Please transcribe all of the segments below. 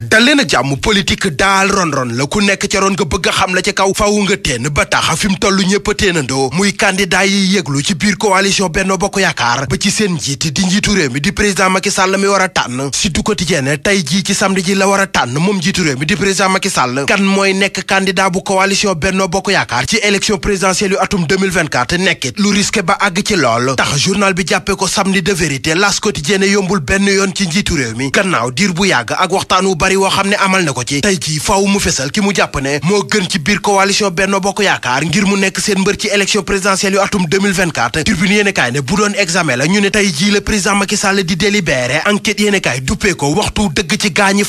dale na jàmm politique daal ron-ron la ku nekk ca roon nga bëgg a xam la ca kaw faaw nga teen ba tax fi mu toll ñëpp a teenandoo muy candidat yi yëglu ci biir coalition Benno Bokk Yaakaar ba ci seen njiit di njiitu réew mi di président Macky Sall mi war a tànn si du quotidien tey jii ci samedi ji la war a tànn moom njiitu réew mi di président Macky Sall kan mooy nekk candidat bu coalition Benno Bokk Yaakaar ci élection présidentielle yu atum 2024 nekkit lu risqué ba àgg ci lool tax journal bi jàppee ko samedi de vérité las quotidien yombul benn yoon ci njiitu réew mi gannaaw diir bu yàgg ak waxtaanu bari woo xam ne na ko ci tey jii faaw mu fesal ki mu jàpp ne moo gën ci biir coalition Benno ngir mu nekk seen mbër ci élection présidentielle yu atum 2024 tribune yéen kaay ne bu doon examen la ñu ne tey jii le président Macky Sall di délibéré enquête yéen kaay duppee ko waxtu dëgg ci gaañi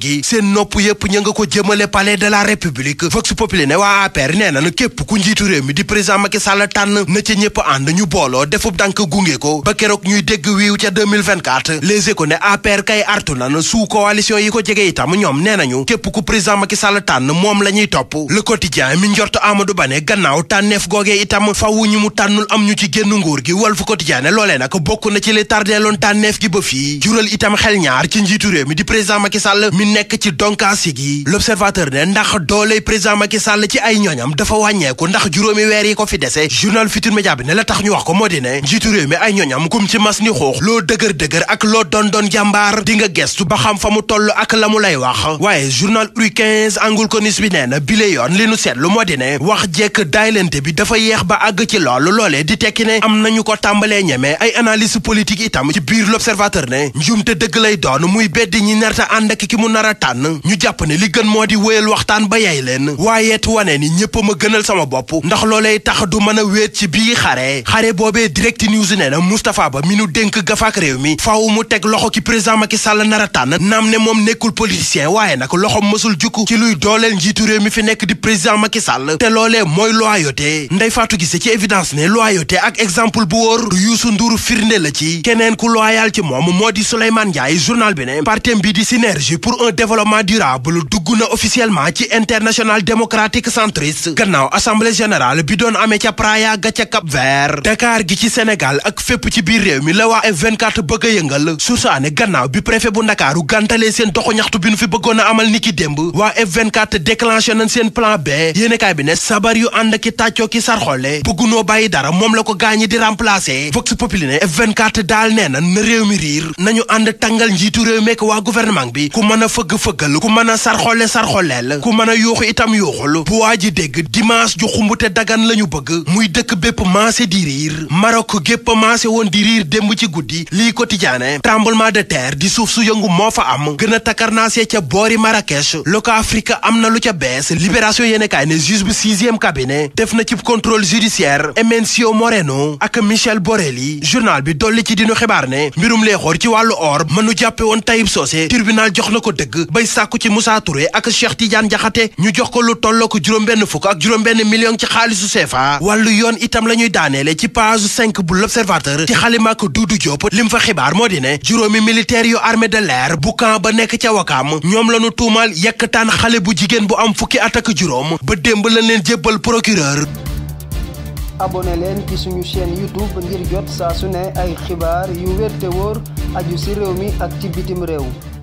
gi seen nopp yëpp ña nga ko jëmale palais de la république vox populi ne waa APR nee na na képp ku njiitu réew mi di président Macky Sall tànn na ca ñëpp ànd ñu booloo defub dànk gunge ko ba keroog ñuy dégg wiiw ca 2024 les échos ne APR kay artu na na sous coalition yi ko jege itam ñoom nee nañu képp ku président Macky Sall tànn moom la ñuy topp le quotidien mi njort Amadou Ba ne gannaaw tànneef googee itam fàwwu ñu mu tànnul am ñu ci génn nguur gi Walf Quotidien ne loolee nag bokk na ci li tardeeloon tànneef gi ba fii jural itam xel ci njiitu réew mi di président Macky mi nekk ci donkaasi gi l'observateur ne ndax dooley président Macky Sall ci ay ñoñam dafa wàññeeku ndax juróomi weer yi ko fi dese journal Futur Média bi ne la tax ñu wax ko moo di ne njiitu réew mi ay ñoñam kum ci mas ni xoox loo dëgër dëgër ak loo doon doon jàmbaar di nga gestu ba xam fa mu toll ak la mu lay wax waaye journal Rue 15 angul ko bi nee na bile yoon li nu seetlu moo di ne wax jekk daayilante bi dafa yeex ba àgg ci loolu loolee di tekki ne am nañu ko tàmbalee ñemee ay analyse politique itam ci biir l'observateur ne njuumte dëgg lay doon muy beddi ñi narta ànd ak ki mu nar a tànn ñu jàpp ne li gën moo di wéyal waxtaan ba yay leen waayeet wane ni ñépp ma gënal sama bopp ndax loolee tax du mën a wéet ci bii xare xare boobee direct a nekkul politicien waaye nag loxom mësul jukk ci luy dooleel njiitu réew mi fi nekk di président Macky Sall te loolee mooy loyauté Ndeye Fatou Guissé ci évidence ne loyauté ak exemple bu wóor Youssou Ndour firnde la ci keneen ku loyal ci moom moo di Souleymane Ndiaye journal bi ne partem bi di synergie pour un développement durable dugg na officiellement ci international démocratique centriste gannaaw assemblée générale bi doon amee ca Praia ga Vert Dakar gi ci Sénégal ak a ñaxtu bi nu fi bëggoon a amal niki démb waa F24 déclenché nañ seen plan B yéenekaay bi ne sabar yu ànd ki tàccoo ki sarxoole bëggunoo bàyyi dara moom la ko gaañi di remplacer Vox Populi ne F24 daal nee na na réew mi riir nañu ànd tàngal njiitu réew meek waa gouvernement bi ku mën a fëgg-fëggal ku mën a sarxoole sarxooleel ku mën a yuuxu itam yuuxul bu waa ji dégg dimanche ju xumbute dagan lañu bëgg muy dëkk bépp maasé di riir Maroc gépp maasé woon di riir démb ci guddi lii quotidien tremblement de di su yëngu moo fa écarnacé ca boori Marrakech loco Afrique am na lu ca bees libération yéene kaay ne juge bu sixième cabinet def na ci contrôle judiciaire Emencio Moreno ak Michel Borelli journal bi dolli ci dinu xibaar ne mbirum lee xoor ci wàllu or mënu jàppe woon Tayib Socé tribunal jox na ko dëgg bay sàkku ci Moussa Touré ak Cheikh Tidiane Diakhaté ñu jox ko lu tolloo ko juróom-benn fukk ak juróom-benn million ci xaalisu CFA wàllu yoon itam la ñuy daaneele ci page cinq bu l'observateur ci xalimaak Doudou moo di ne wakaam ñoom la ñu tuumaal yekkataan xale bu jigéen bu am fukki at ak juróom ba démb lañ leen jébbal procureur abone leen ci suñu chaîne youtube ngir jot saa su ne ay xibaar yu wér te wóor aju ci réew mi ak ci bitim réew